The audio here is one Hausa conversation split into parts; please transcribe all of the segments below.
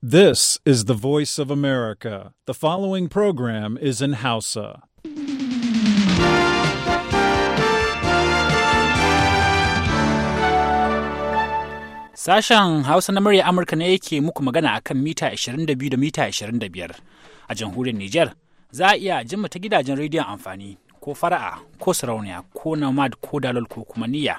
This is the voice of America. The following program is in Hausa. Sashen Hausa na murya Amurka ne yake muku magana a kan mita 22 da mita 25 a jamhuriyar Nijar. Za a iya jin ta gidajen rediyon amfani ko fara'a ko sarauniya ko nomad ko dalol ko kuma niyya.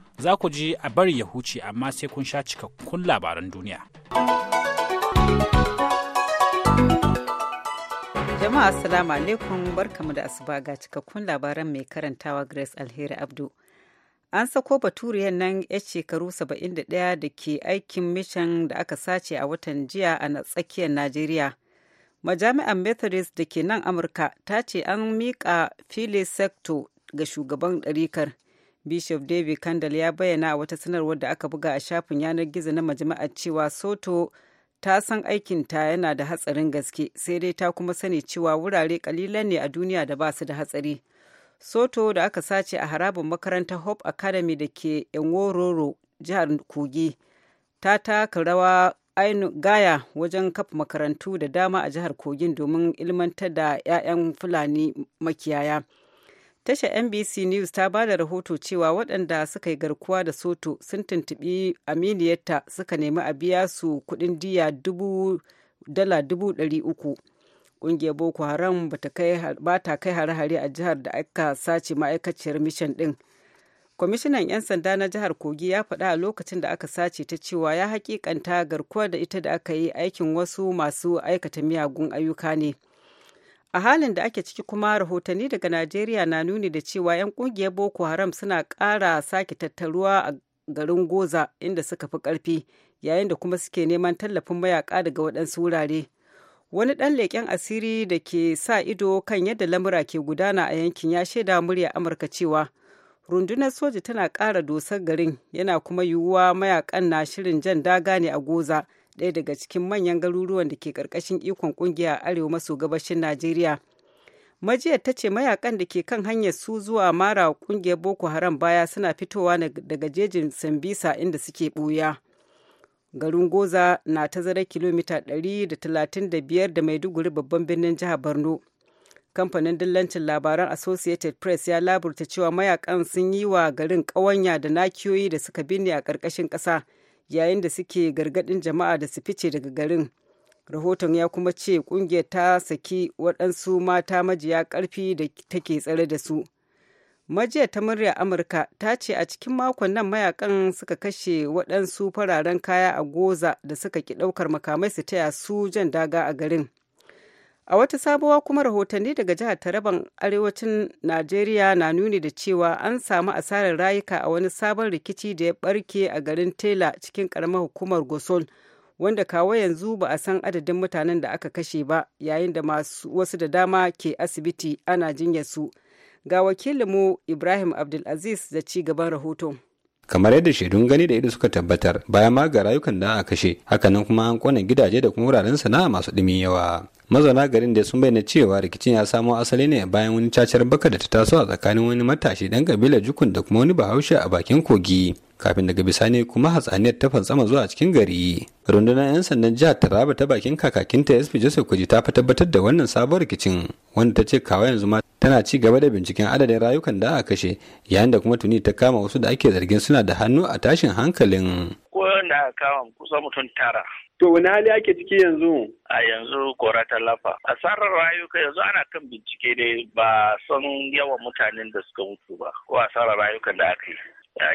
za ku ji a bari ya huce amma sai kun sha cikakkun labaran duniya. Jama'a Assalamu alaikum barkamu da asuba ga cikakkun labaran mai karantawa Grace Alheri Abdu. An sako baturiyar nan ya shekaru 71 da ke aikin mishan da aka sace a watan jiya a tsakiyar Najeriya. Majami'ar Methodist da ke nan Amurka ta ce an miƙa fili sekto ga shugaban ɗarikar. Bishop David Kandal ya bayyana a wata sanarwar da aka buga a shafin yanar gizo na majami'ar cewa Soto ta san aikin ta yana da hatsarin gaske sai dai ta kuma sani cewa wurare kalilan ne a duniya da ba su da hatsari. Soto da aka sace a harabin makarantar Hope Academy da ke Enwororo, jihar Kogi, ta taka rawa ainu gaya wajen kafa makarantu da dama a jihar Kogin domin ilmantar da 'ya'yan Fulani makiyaya. Tashar NBC News ta ba da rahoto cewa waɗanda suka yi garkuwa da Soto sun tuntuɓi aminiyarta suka nemi a biya su kuɗin diya dala dubu ɗari uku. Ƙungiyar Boko Haram ba ta kai hare-hare a jihar da aka sace ma'aikaciyar mishan ɗin. Kwamishinan 'yan sanda na jihar Kogi ya faɗa a lokacin da aka sace ta cewa ya hakikanta garkuwa da ita da aka yi aikin wasu masu aikata miyagun ayyuka ne. a halin da ake ciki kuma rahotanni daga najeriya na nuni da cewa 'yan kungiyar boko haram suna ƙara sake tattaruwa a garin goza inda suka fi ƙarfi yayin da kuma suke neman tallafin mayaka daga waɗansu wurare wani ɗan leƙen asiri da ke sa ido kan yadda lamura ke gudana a yankin ya shaida murya amurka cewa rundunar soja tana ƙara dosar garin yana kuma yiwuwa mayakan na shirin jan daga ne a goza ɗaya daga cikin manyan garuruwan da ke ƙarƙashin ikon ƙungiya arewa maso gabashin najeriya majiyar ta ce mayakan da ke kan hanyar su zuwa mara ƙungiyar boko haram baya suna fitowa daga jejin sambisa inda suke ɓuya garin goza na tazarar kilomita 135 da maiduguri babban birnin jihar borno kamfanin dillancin labaran associated press ya laburta cewa mayakan sun yi wa garin ƙawanya da nakiyoyi da suka binne a ƙarƙashin ƙasa yayin da suke gargadin jama'a da su fice daga garin rahoton ya kuma ce kungiyar ta saki waɗansu mata majiya ƙarfi da take tsare da su majiya ta murya amurka ta ce a cikin makon nan mayakan suka kashe waɗansu fararen kaya a goza da suka ki ɗaukar makamai su taya su jan daga a garin a wata sabuwa kuma rahotanni daga jihar taraban arewacin najeriya na nuni da cewa an samu asarar rayuka a wani sabon rikici da ya barke a garin tela cikin karamar hukumar gosol wanda kawo yanzu ba a san adadin mutanen da aka kashe ba yayin da masu wasu da dama ke asibiti ana jinyar su ga wakilinmu ibrahim abdulaziz da ci gaban rahoton kamar yadda shaidun gani da ido suka tabbatar bayan ma ga rayukan da aka kashe hakanan kuma an kone gidaje da kuma wuraren sana'a masu ɗimin yawa mazauna garin da sun bayyana cewa rikicin ya samo asali ne bayan wani cacar baka da ta taso a tsakanin wani matashi dan kabilar jukun da kuma wani bahaushe a bakin kogi kafin daga bisani kuma hatsaniyar ta fantsama zuwa cikin gari rundunar 'yan sandan jihar taraba ta bakin kakakinta sp joseph kuji ta fi tabbatar da wannan sabon rikicin wanda ta ce kawo yanzu ma tana ci gaba da binciken adadin rayukan da aka kashe yayin da kuma tuni ta kama wasu da ake zargin suna da hannu a tashin hankalin ko da aka kama kusa mutum tara To wani hali ake ciki yanzu? A yanzu kora ta lafa. Asarar rayuka yanzu ana kan bincike ne ba son yawan mutanen da suka mutu ba ko asarar rayukan da aka yi.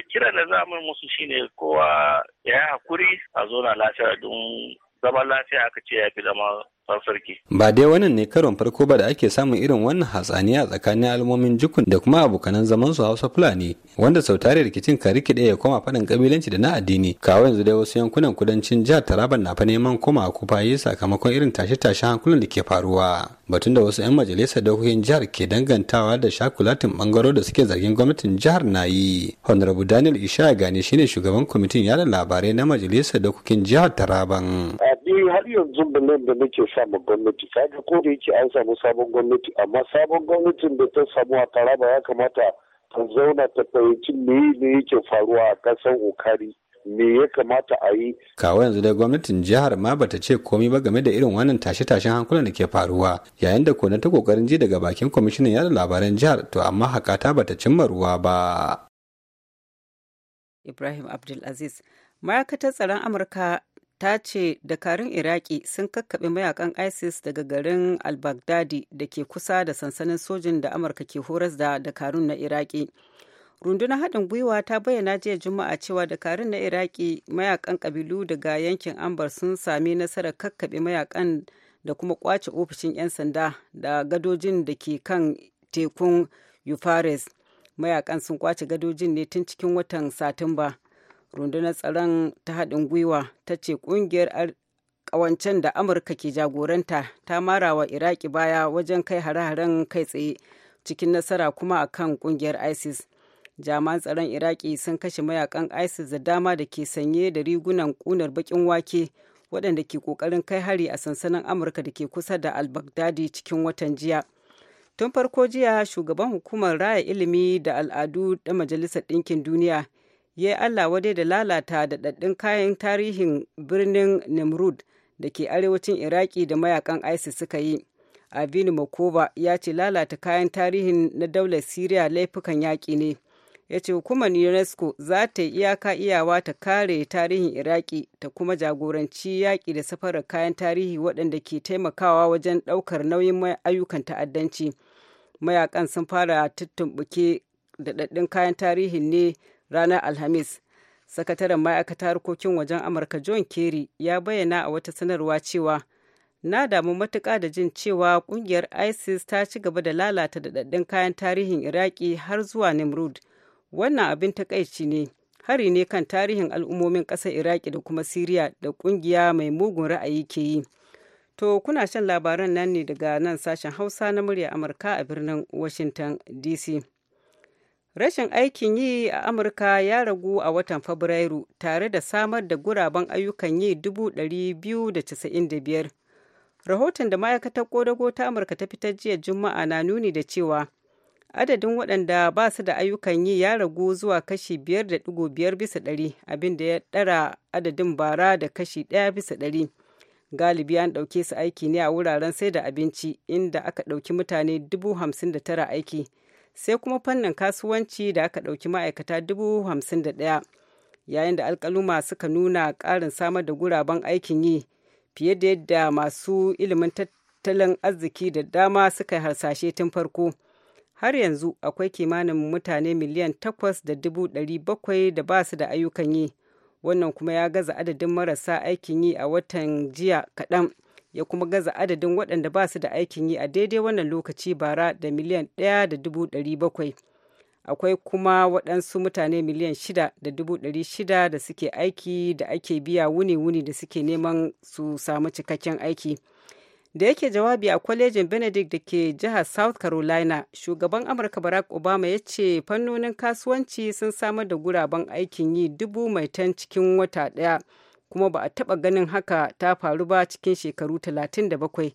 kiran da za mu musu shine kowa ya yi hakuri a zo na lafiya don zaman lafiya aka ce ya fi zama sarki. Ba dai wannan ne karon farko ba da ake samun irin wannan hatsaniya tsakanin al'ummomin jukun da kuma abokanan zaman su Hausa Fulani wanda sautare tare rikicin ka rikide ya koma faɗin kabilanci da na addini. Kawo yanzu dai wasu yankunan kudancin jihar Taraban na fa neman koma yi sakamakon irin tashe-tashen hankulan da ke faruwa. Batun da wasu 'yan majalisar dokokin jihar ke dangantawa da shakulatin bangaro da suke zargin gwamnatin jihar na yi. Honorable Daniel Isha Gane shine shugaban kwamitin yada labarai na majalisar dokokin jihar Taraban. Ni har yanzu da nan da nake samu gwamnati kaga ko da yake an samu sabon gwamnati amma sabon gwamnatin da ta samu a taraba ya kamata ta zauna ta fahimci me ne yake faruwa a kasan okari me ya kamata a yi. Kawo yanzu da gwamnatin jihar ma bata ce komi ba game da irin wannan tashe-tashen hankulan da ke faruwa yayin da kona ta kokarin ji daga bakin kwamishinan yada labaran jihar to amma hakata bata cimma ruwa ba. Ibrahim Abdulaziz, ma'aikatar tsaron Amurka ta ce dakarun iraki sun kakkaɓe mayakan isis daga garin al-baghdadi da ke kusa da sansanin sojin da amurka ke horas da dakarun na iraki rundunar haɗin gwiwa ta bayyana jiya juma'a cewa dakarun na iraki mayakan kabilu daga yankin ambar sun sami nasarar kakkaɓe mayakan da kuma kwace ofishin 'yan sanda da gadojin da ke kan tekun euphrates mayakan sun kwace gadojin ne tun cikin watan satumba rundunar tsaron ta haɗin gwiwa ta ce ƙungiyar ƙawancen da amurka ke jagoranta ta mara wa iraki baya wajen kai hare-haren kai tsaye cikin nasara kuma a kan ƙungiyar isis jami'an tsaron iraki sun kashe mayakan isis da dama da ke sanye da rigunan ƙunar baƙin wake waɗanda ke ƙoƙarin kai hari a sansanin amurka da ke kusa da al-baghdadi cikin watan jiya tun farko jiya shugaban hukumar raya ilimi da al'adu da majalisar ɗinkin duniya ya Allah wadai da lalata daɗaɗɗun kayan tarihin birnin Nimrud da ke arewacin Iraki da mayakan ISIS suka yi. abinu makoba ya ce lalata kayan tarihin na daular Siriya laifukan yaƙi ne. Ya ce hukumar UNESCO za ta yi iyaka iyawa ta kare tarihin Iraki ta kuma jagoranci yaƙi da safarar kayan tarihi waɗanda ke taimakawa wajen ɗaukar nauyin ayyukan ta'addanci. Mayakan sun fara tuttumɓuke daɗaɗɗun kayan tarihin ne ranar alhamis sakataren ma'aikatar harkokin wajen amurka john kerry ya bayyana a wata sanarwa cewa na damu matuƙa da jin cewa ƙungiyar isis ta ci gaba da lalata daɗaɗɗen kayan tarihin iraki har zuwa nimrud wannan abin takaici ne hari ne kan tarihin al'ummomin ƙasar iraki da kuma siriya da ƙungiya mai mugun ra'ayi ke yi to kuna shan labaran nan ne daga nan sashen hausa na murya amurka a birnin washington dc Rashin aikin yi a Amurka ya ragu a watan Fabrairu tare da samar da guraben ayyukan yi 295. Rahoton da ma'aikatar kodago ta Amurka ta fitar jiya Juma'a na nuni da cewa adadin waɗanda ba su da ayyukan yi ya ragu zuwa kashi 5.5 bisa ɗari abinda ya ɗara adadin bara da kashi 1 bisa ɗari. Galibi an ɗauke su aiki ne a wuraren sai da abinci inda aka ɗauki mutane 59 aiki. sai kuma fannin kasuwanci da aka ɗauki ma'aikata dubu hamsin da ɗaya yayin da alkaluma suka nuna ƙarin samar da guraben aikin yi fiye da yadda masu ilimin tattalin arziki da dama suka harsashe tun farko har yanzu akwai kimanin mutane miliyan takwas da dubu ɗari bakwai da ba su da ayyukan yi wannan kuma ya gaza adadin marasa aikin yi a watan jiya kaɗan ya kuma gaza adadin waɗanda ba su da aikin yi a daidai wannan lokaci bara da miliyan ɗaya da dubu bakwai akwai kuma waɗansu mutane miliyan shida da da suke aiki da ake biya wuni-wuni da suke neman su samu cikakken aiki da yake jawabi a kwalejin benedict da ke jihar south carolina shugaban amurka barack obama ya ce fannonin kasuwanci sun samar da guraben aikin yi dubu mai tan cikin wata daya. kuma ba a taɓa ganin haka ta faru ba cikin shekaru 37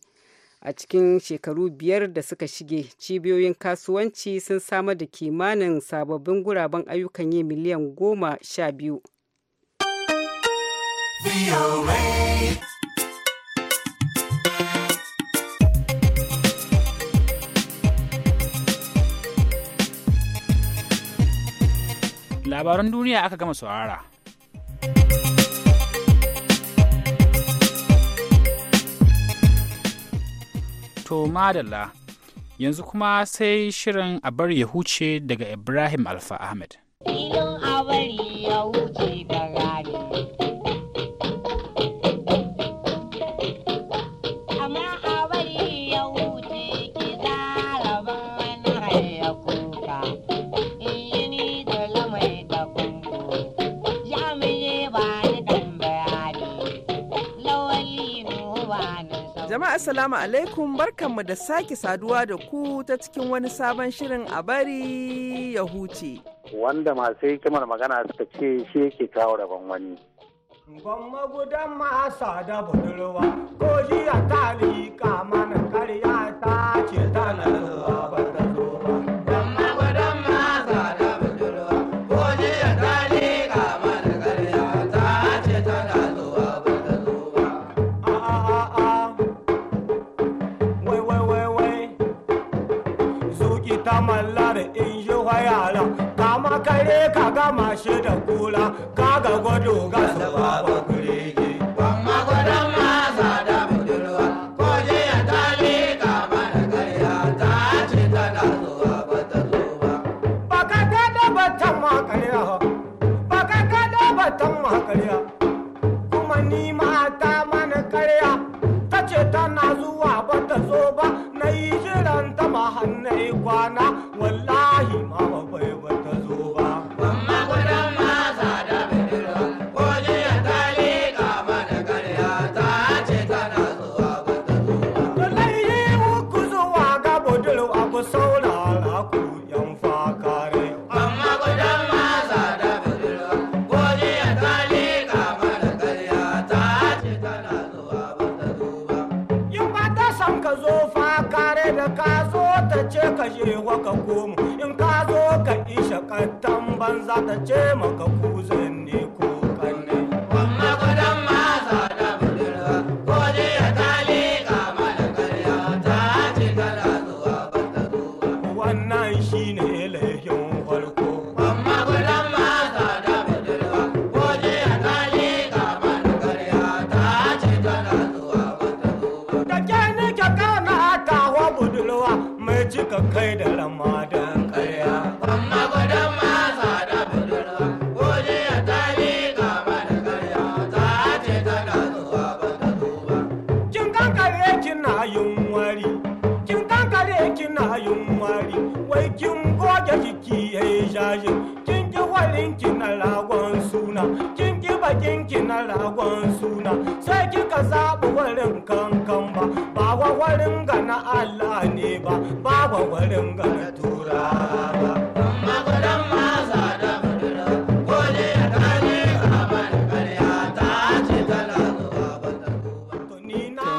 a cikin shekaru biyar da suka shige cibiyoyin kasuwanci sun samar da kimanin sababbin guraben ayyukan yi miliyan goma sha biyu labaran duniya aka gama saurara To madalla, yanzu kuma sai shirin a bar ya huce daga Ibrahim Alfa Ahmed. Filin a bari ya huce. Jama'a Assalamu alaikum barkanmu da sake saduwa da ku ta cikin wani sabon shirin a bari ya huce. Wanda masu hikimar magana suka ce shi yake kawo rabon wani. Ban magudan masa da budurwa, ko jiya ta liƙa mana karya ta ce ta ka shewa ka in ka zo ka isha kattan banza ta ce maka kuzari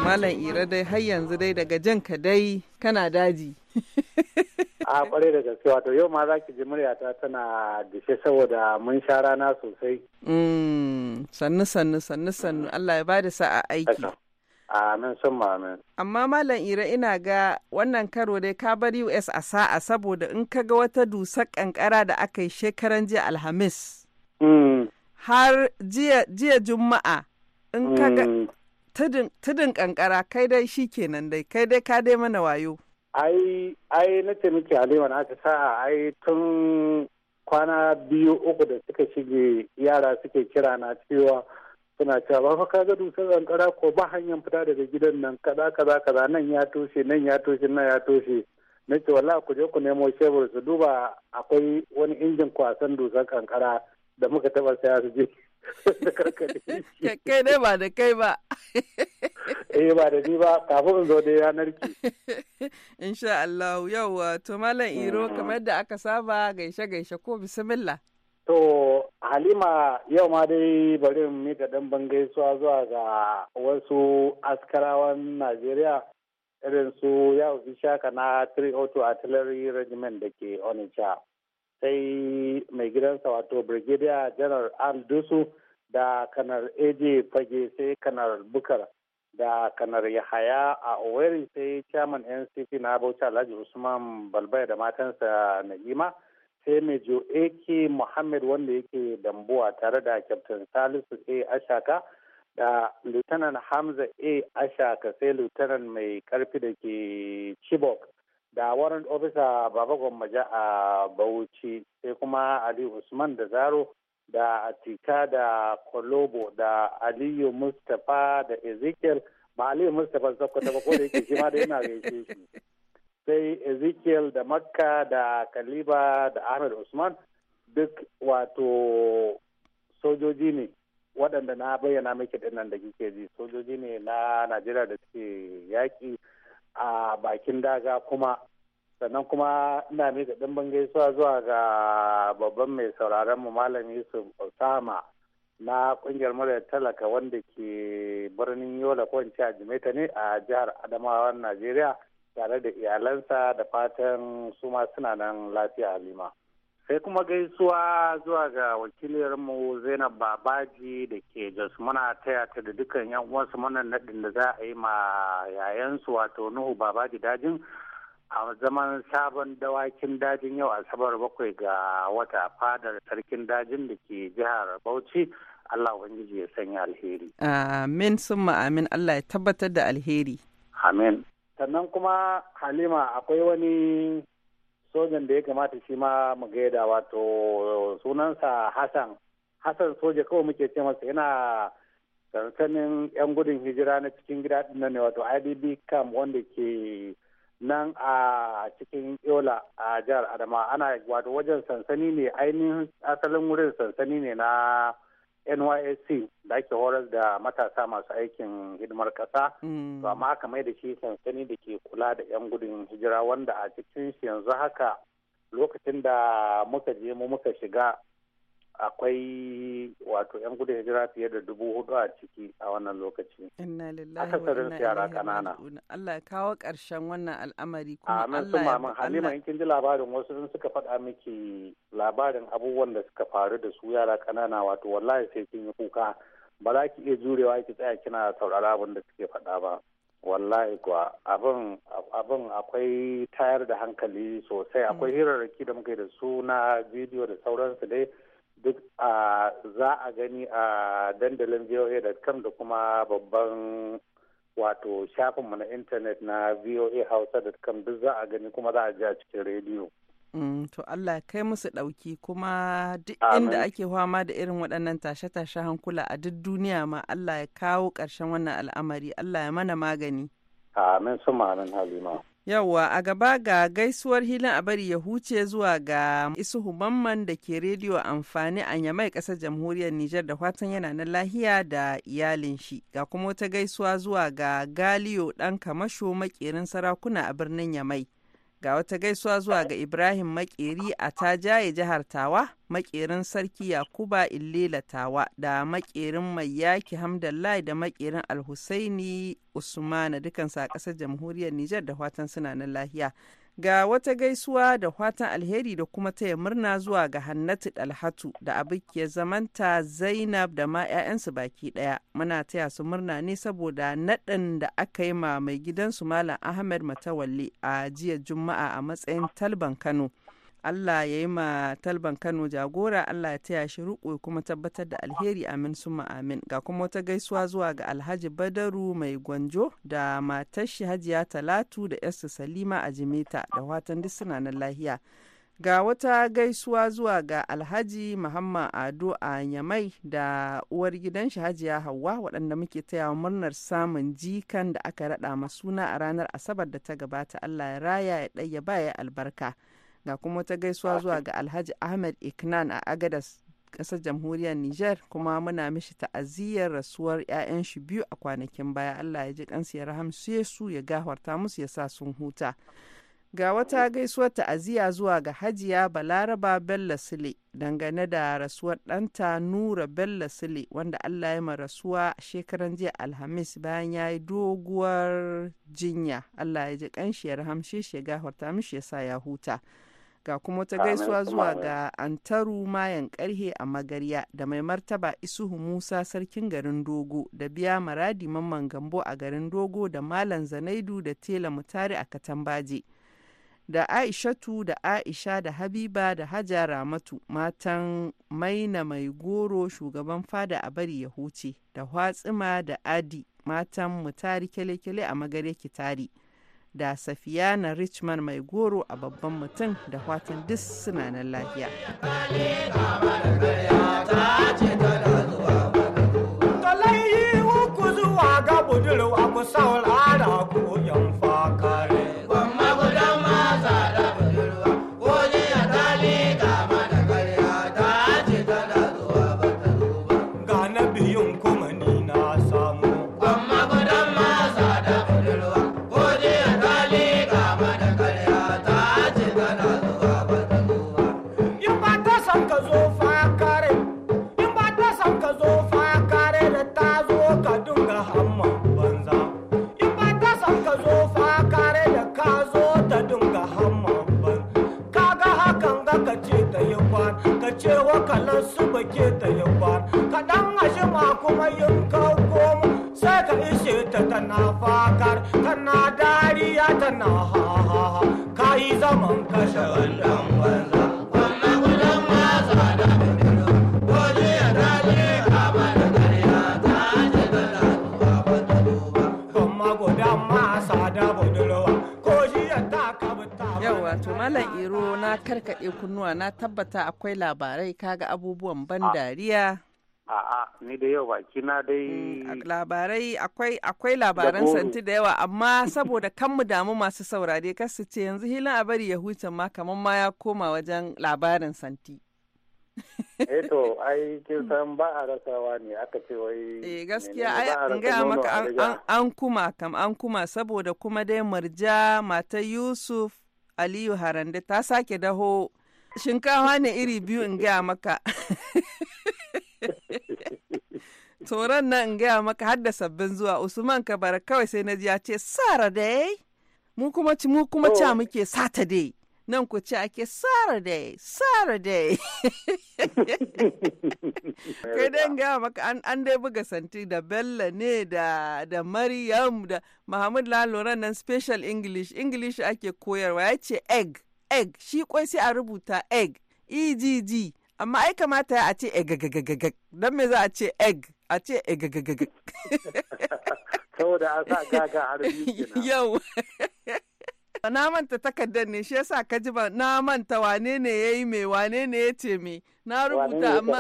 Malam Ira dai har yanzu dai daga jan ka dai kana daji. A kwarai da gaske wato yau ma za ki ji muryata tana dishe saboda mun sha rana sosai. Mm, sannu sannu sannu sannu Allah ya bada sa'a aiki. Amin sun amin. Amma Malam Ira ina ga wannan karo dai ka bar US a sa'a saboda in ka ga wata dusar kankara da aka yi shekaran jiya Alhamis. Hmm. Har jiya Juma'a in ka ga hmm. tudun kankara kai dai shi kenan dai kai dai ka dai mana wayo. Ai, ai na taimaki Aliyu na aka sa'a ai tun kwana biyu uku da suka shige yara suke kira na cewa suna cewa ba ka ga dusar kankara ko ba hanyar fita daga gidan nan kaza kaza kaza nan ya toshe nan ya toshe nan ya toshe na ce wala ku je ku nemo shebur su duba akwai wani injin kwasan dusar kankara da muka taba saya su je kai ne ba da kai ba eh ba da ni ba kafin in zo da yanar ki insha Allah yau to malam Iro mm. kamar da aka saba gaishe gaishe ko bismillah To Halima yau ma dai bari mu da ɗan gaisuwa zuwa ga wasu askarawan Najeriya irin su ya shaka na 302 Artillery Regiment da ke Onitsha. Sai mai gidansa wato Brigadier General Al Dusu da kanar AJ Fage sai kanar Bukar da kanar Yahaya a Oweri sai chairman NCP na Bauchi Alhaji Usman Balbai da matansa Na'ima. sai mai jo AK Muhammad wanda yake dambuwa tare da Captain Salisu A Ashaka da Lieutenant Hamza A Ashaka sai Lieutenant mai karfi da ke Chibok da Warrant Officer Baba Gwammaja a Bauchi sai kuma Ali Usman da Zaro da Atika da Kolobo da Aliyu Mustapha da Ezekiel ba Aliyu Mustapha Sokoto ba ko da yake shi ma da yana gaishe shi. sai ezekiel da makka da kaliba da ahmed usman duk wato sojoji ne waɗanda na bayyana miki dinnan da kike ji sojoji ne na najeriya da suke yaƙi a bakin daga kuma sannan kuma ina miƙa ɗimbin gaisuwa zuwa ga babban mai sauraron mu malam yusuf osama na ƙungiyar muryar talaka wanda ke birnin yola ko a jimeta ne a jihar adamawa najeriya tare da iyalansa da fatan su ma suna nan lafiya halima sai kuma gaisuwa zuwa ga wakiliyarmu zainab babaji da ke jos muna taya ta da dukkan yan uwansu mana naɗin da za a yi ma yayansu wato nuhu babaji dajin a zaman sabon dawakin dajin yau asabar bakwai ga wata fadar sarkin dajin da ke jihar bauchi allah ubangiji ya sanya alheri amin sun amin allah ya tabbatar da alheri amin sannan kuma halima akwai wani sojan da ya kamata shi ma mu gaida wato sunansa hassan hassan soja kawai muke ce masa yana sansanin yan gudun hijira na cikin gida nan ne wato idb camp wanda ke nan a cikin yola a jihar adama ana wato wajen sansani ne ainihin asalin wurin sansani ne na nysc da ake horar da matasa masu aikin hidimar kasa hmm. to amma aka mai da shi sansani da ke kula da 'yan gudun hijira wanda a cikin shi yanzu haka lokacin da muka je mu muka shiga akwai wato 'yan gudun hijira fiye da dubu hudu a ciki a wannan lokaci. Inna lillahi wa inna yara kanana. Allah kawo ƙarshen wannan al'amari kuma Allah ya mamin Halima in kin ji labarin wasu sun suka faɗa miki labarin abubuwan da suka faru da su yara kanana wato wallahi sai kin yi kuka ba za ki iya jurewa ki tsaya kina saurara abin da suke faɗa ba. wallahi kuwa abin abin akwai tayar da hankali sosai akwai mm. hirarraki da muka yi da su na bidiyo da sauransu dai duk za a gani a dandalin voa.com da kuma babban wato shafinmu na intanet na hausa voahausa.com duk za a gani kuma za a ji a cikin rediyo. Mm, to Allah kai musu ɗauki kuma duk inda ake fama da irin waɗannan tashe-tashe hankula a duk duniya ma Allah ya kawo ƙarshen wannan al'amari Allah ya mana magani. Amin su halima. Yawwa a gaba ga gaisuwar hilin a bari ya huce zuwa ga Isuhu Mamman da ke rediyo amfani a Yamai ƙasar jamhuriyar Nijar da fatan yana na lahiya da iyalin shi. Ga kuma wata gaisuwa zuwa ga Galiyo ɗan kamasho makerin sarakuna a birnin Yamai. Ga wata gaisuwa zuwa ga Ibrahim Makeri a ta Tajaye jihar Tawa, makerin Sarki Yakuba Illela Tawa da makerin mayaki Hamdallah da makerin Alhusaini Usmana dukansu a ƙasar jamhuriyar Nijar da fatan suna nan lahiya. Ga wata gaisuwa da fatan alheri da kuma taya murna zuwa ga Hannatu Dalhatu da abikiyar zamanta Zainab da ma 'ya'yansu baki daya Muna taya su murna ne saboda naɗin da aka yi ma mai gidansu Malam Ahmed Matawalle a jiya Juma'a a matsayin Talban Kano. Allah ya yi ma talban Kano jagora Allah ya taya shi riƙo kuma tabbatar da alheri amin suma amin ga kuma wata gaisuwa zuwa ga Alhaji Badaru mai gwanjo da matar shi Hajiya Talatu da yarsu Salima a Jimeta da watan duk suna nan lahiya. Ga wata gaisuwa zuwa ga Alhaji Muhammad Ado a Yamai da uwar gidan shi Hajiya Hauwa waɗanda muke taya murnar samun jikan da aka raɗa masuna a ranar Asabar da ta gabata Allah ya raya ya ɗaya baya albarka. ga kuma wata gaisuwa zuwa ga alhaji ahmed iknan a agadas ƙasar jamhuriyar niger kuma muna mishi ta'aziyyar rasuwar 'ya'yan shi biyu a kwanakin baya allah ya ji kansu ya rahamshe su ya gafarta musu ya sa sun huta ga wata gaisuwar ta'aziyya zuwa ga hajiya balaraba bello sile dangane da rasuwar ɗanta nura bello sile wanda allah ya ma rasuwa shekaran jiya alhamis bayan ya yi doguwar jinya allah ya ji kanshi ya rahamshe shi ya gafarta mishi ya sa ya huta ga kuma ta gaisuwa zuwa ga antaru mayan karhe a magarya da mai martaba isuhu musa sarkin garin dogo da biya maradi mamman gambo a garin dogo da malam zanaidu da tela mutari a katambaje da aishatu da aisha da habiba da hajja ramatu matan maina mai goro shugaban fada a bari ya huce da hatsima da adi matan mutari kyale-kyale a magarya kitari. da Safiyana Richman mai goro a babban mutum da fatan duk suna nan lafiya. na karkaɗe kunnuwa na tabbata akwai labarai kaga abubuwan ban dariya. A'a, ni da yau baki na dai. Mm, labarai akwai akwai labaran santi da yawa amma saboda kan mu damu masu saurare kar su ce yanzu hilin a bari ya huce ma kamar ma ya koma wajen labarin santi. eto eh ai kin san ba a rasawa ne aka ce wai eh gaskiya ai an gaya maka an kuma kam an kuma saboda kuma dai murja matar yusuf aliyu harande ta sake daho shinkawa ne iri biyu in gaya maka toron nan in gaya maka har da sabbin zuwa usman kabara kawai sai na ji ya ce sara dai mu kuma ci mu kuma ca muke Saturday. nan ku ci ake Saturday, Saturday. Kai dan ga maka an dai buga santi da Bello ne da da Maryam da Muhammad Lalo nan special English, English ake koyarwa ya ce egg, egg, shi kwai sai a rubuta egg, EGG. Amma ai kamata ya a ce egg, don me za a ce egg, a ce egg, saboda a sa gaga harbi Yau. na manta takardar ne shi yasa ka ji ba na manta wane ne ya yi mai wane ne ya ce mai na rubuta amma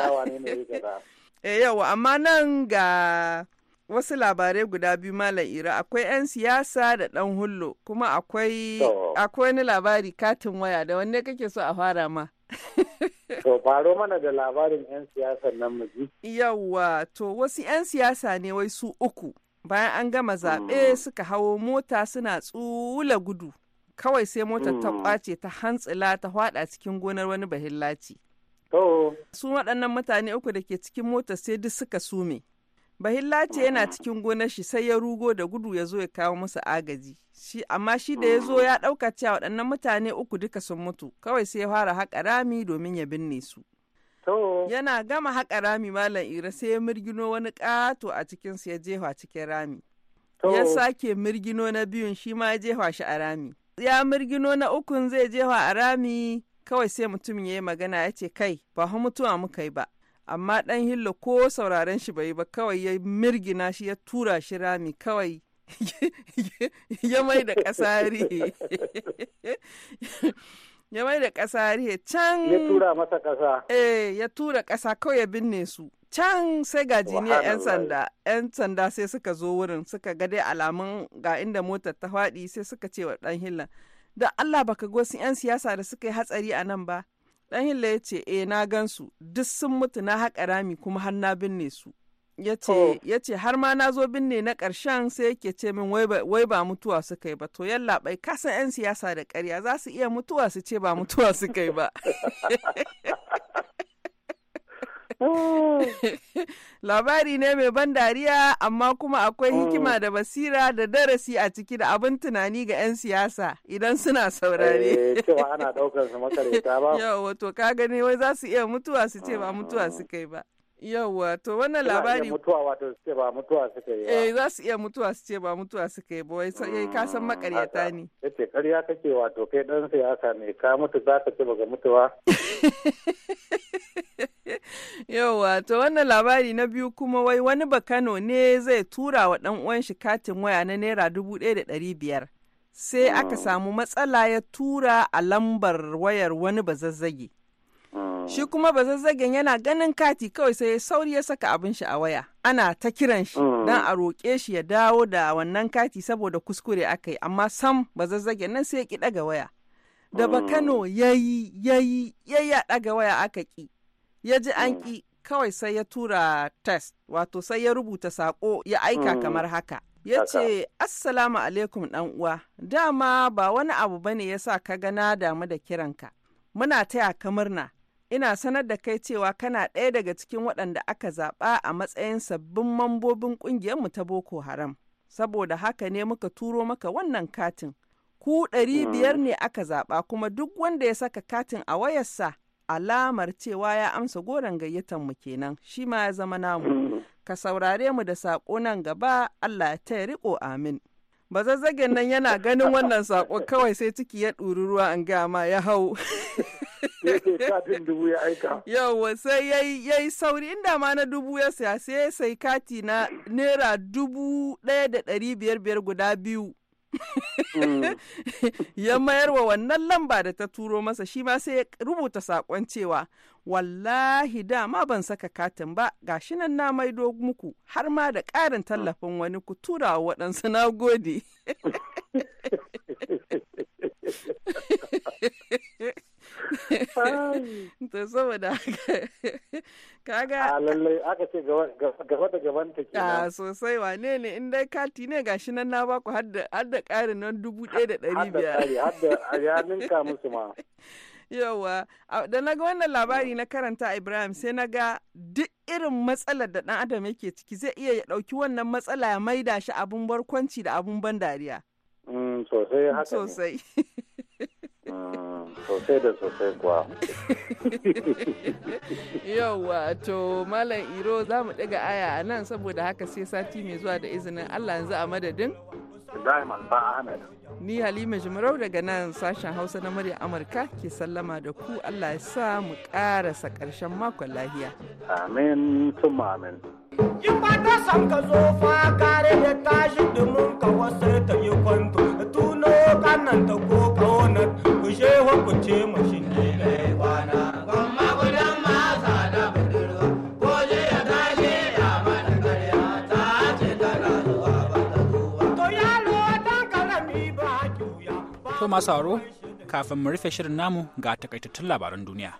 e yawa eh, amma nan ga wasu labarai guda biyu malam ira akwai 'yan siyasa da dan hullo kuma akwai akwai wani labari katin waya da wanne kake so a fara ma to faro mana da labarin 'yan siyasar nan muji yawa to wasu 'yan siyasa ne wai su uku bayan an gama zaɓe mm. suka hawo mota suna tsula gudu kawai sai motar ta kwace mm. ta hantsila ta hwada cikin gonar wani bahillaci. Su waɗannan mutane uku da ke cikin motar sai duk suka sume. Bahillaci yana mm. cikin gonar shi sai ya rugo da gudu ya zo ya kawo musu agaji. amma shi da ya zo mm. ya ɗauka cewa waɗannan mutane uku duka sun mutu kawai sai ya fara haƙa rami domin ya binne su. Yana gama haƙa rami Malam Ira sai ya mirgino wani ƙato a cikinsu ya jefa cikin rami. Ya sake mirgino na biyun shi ma ya jefa shi a rami. ya mirgino na ukun zai je a rami kawai sai mutum ya yi magana ya ce kai ba hu mutuwa muka yi ba amma dan hillo ko sauraren shi bai ba kawai ya mirgina shi ya tura shi rami kawai ya mai da kasari. ya mai da ƙasa ya can ya tura masa ƙasa eh ya tura ƙasa kawai ya binne su can sai ga jiniya 'yan sanda 'yan sanda sai suka zo wurin suka ga dai alamun ga inda motar ta faɗi sai suka ce wa ɗan hillan da Allah baka ga wasu 'yan siyasa da suka yi hatsari a nan ba ɗan hilla ya ce eh na gansu duk sun mutu na haƙa rami kuma har na binne su Oh. ya ce har ma na zo binne na ƙarshen sai yake ce min wai ba mutuwa suka yi ba to yalla bai kasa 'yan siyasa da ƙarya za su iya mutuwa su ce ba mutuwa suka yi ba labari ne mai ban dariya amma kuma akwai hikima oh. da basira da darasi a ciki da abin tunani ga 'yan siyasa idan suna saurare eh, cewa ana ba to ka gani wai za su iya mutuwa su ce ba mutuwa ah. su kai ba Yawwa, to wannan labari. mutuwa wato su ce ba mutuwa yi. Eh za su iya mutuwa su ce ba mutuwa suka yi ba wai eh, ka san makaryata ne. Yace karya kake wato kai dan siyasa ne ka mutu za ka ce baka mutuwa. Yawwa, to wannan labari na biyu kuma wai wani bakano ne zai tura wa dan uwan shi katin waya na naira dubu ɗaya da ɗari biyar. Sai aka mm. samu matsala ya tura a lambar wayar wani bazazzage. Shi mm. kuma bazazzagen yana ganin kati kawai sai sauri ya saka abin shi a waya. Ana ta kiran shi mm. don a roƙe shi ya dawo da wannan kati saboda kuskure aka yi amma sam bazazzagen nan sai ya ki ɗaga waya. Da ba mm. Kano yayi yayi yayi a ɗaga waya aka ƙi Ya ji an ƙi kawai sai ya tura test wato sai ya rubuta saƙo ya aika kamar haka. ya ce assalamu alaikum dan uwa dama ba wani abu bane ya sa ka gana damu da kiranka muna taya ka murna ina sanar da kai cewa kana ɗaya daga cikin waɗanda aka zaɓa a matsayin sabbin mambobin ƙungiyarmu ta Boko Haram. Saboda haka ne muka turo maka wannan katin. Ku ɗari hmm. biyar ne aka zaɓa kuma duk wanda ya saka katin a wayarsa alamar cewa ya amsa goron mu kenan shi ma ya zama namu. Hmm. Ka saurare mu da saƙo nan gaba Allah ya ya riƙo amin. zazzagen nan yana ganin wannan sako kawai sai ciki ya ɗuri ruwa an gama ya hau. dubu ya aika. sai ya yi sauri inda ma na dubu ya saya sai sai kati na naira dubu ɗaya da ɗari biyar biyar guda biyu. Mm. ya mayar wa wannan lamba da ta turo masa shi ma sai ya rubuta sakon cewa wallahi dama ban saka katin ba ga shi nan na maido muku har ma da ƙarin tallafin wani ku tura wa waɗansu na gode to saboda haka kaga a lallai aka ce gaba da gaban ta ke ah, a sosai wane ne in dai kati ne gashi nan na baku har da ƙarin nan dubu ɗaya da ɗari biyar har da ya ninka musu ma yawa da na ga wannan labari na karanta ibrahim sai na ga duk irin matsalar da dan adam yake ciki zai iya ya dauki wannan matsala ya maida shi abun barkwanci da abun ban dariya mm, sosai haka sosai Mm, sosai da sosai kuwa Yawwa to malam iro za mu ɗaga aya a nan saboda haka sai sati mai zuwa da izinin allah yanzu a madadin Ahmed. Ni Halima Jimarau daga nan sashen Hausa na murya Amurka ke sallama da ku Allah ya sa mu karasa ƙarshen makon lahiya. Amin tum amin. In ba ta san ka zo fa kare da tashi dumin ka wasu ta yi kwanto tuno kanan ta ko kawo na ku ce mu shinge da kwana gwamma gudan masa da budurwa ko je ya tashi ya mana karya ta ce ta rasuwa ba ta zuwa to yaro karami ba juya to masu sauraro kafin mu rufe shirin namu ga takaitattun labaran duniya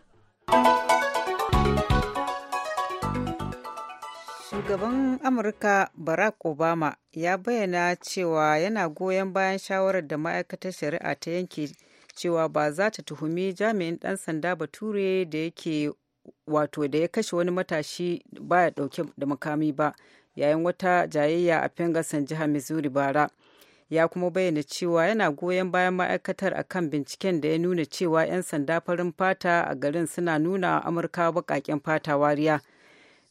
shugaban amurka barak obama ya bayyana cewa yana goyon bayan shawarar da ma'aikatar shari'a ta yanke cewa ba za ta tuhumi jami'in ɗan sanda bature da yake wato da ya kashe wani matashi baya dauke da makami ba yayin wata jayayya a fengasan jihar Missouri bara. Ya kuma bayyana cewa yana goyon bayan ma'aikatar a kan binciken da ya nuna cewa 'yan sanda farin fata a garin suna nuna Amurka baƙaƙen fata wariya.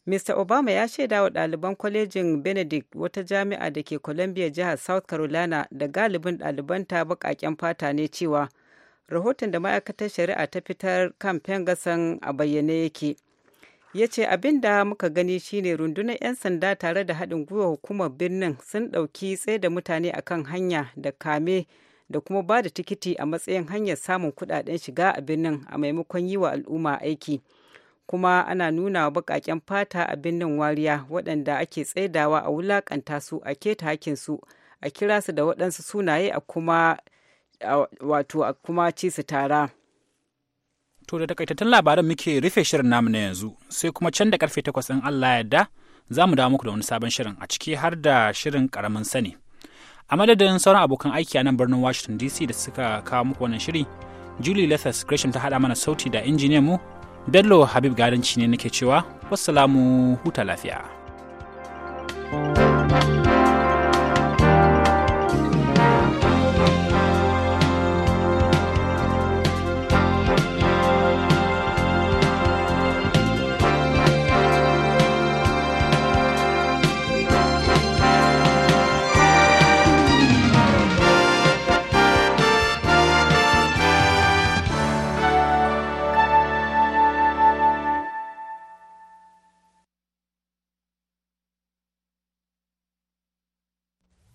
Mr. Obama ya shaida wa ɗaliban kwalejin Benedict wata jami'a da ke Columbia jihar South Carolina da galibin ɗalibanta baƙaƙen fata ne cewa rahoton da ma'aikatar shari'a ta fitar kamfen gasan a bayyane yake ya ce abin da muka gani shine rundunar 'yan sanda tare da haɗin gwiwa hukumar birnin sun ɗauki tsaye da mutane kan hanya da kame da kuma ba da tikiti a matsayin hanyar samun kuɗaɗen shiga a birnin a maimakon yi wa al'umma aiki kuma ana nuna wa baƙaƙen fata a birnin wariya waɗanda ake tsaidawa a wulaƙanta su a keta hakinsu a kira su da waɗansu sunaye a kuma wato a kuma ci su tara. To da takaitattun labaran muke rufe shirin namu na yanzu sai kuma can da karfe takwas in Allah yarda za mu dawo muku da wani sabon shirin a ciki har da shirin karamin sani. A madadin sauran abokan aiki a nan birnin Washington DC da suka kawo muku wannan shiri, Julie Lethas Gresham ta haɗa mana sauti da injiniyan mu, Bello Habib Gadanci ne nake cewa, wassalamu huta lafiya. thank you